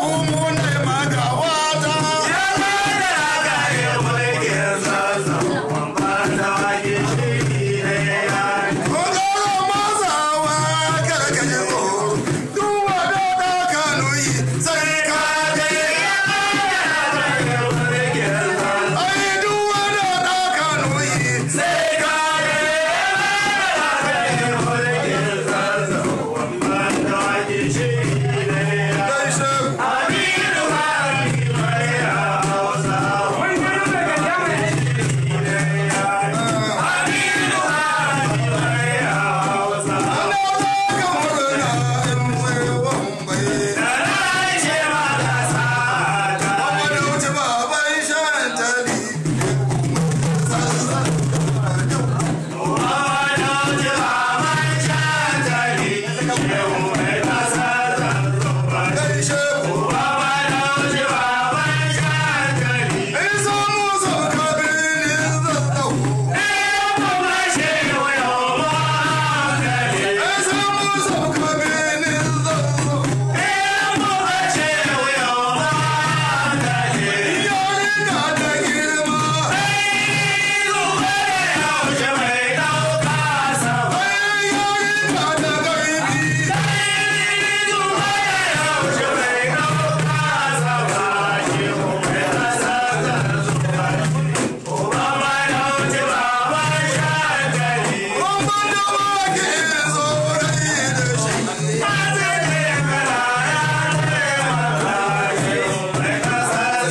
Oh, more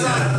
Yeah.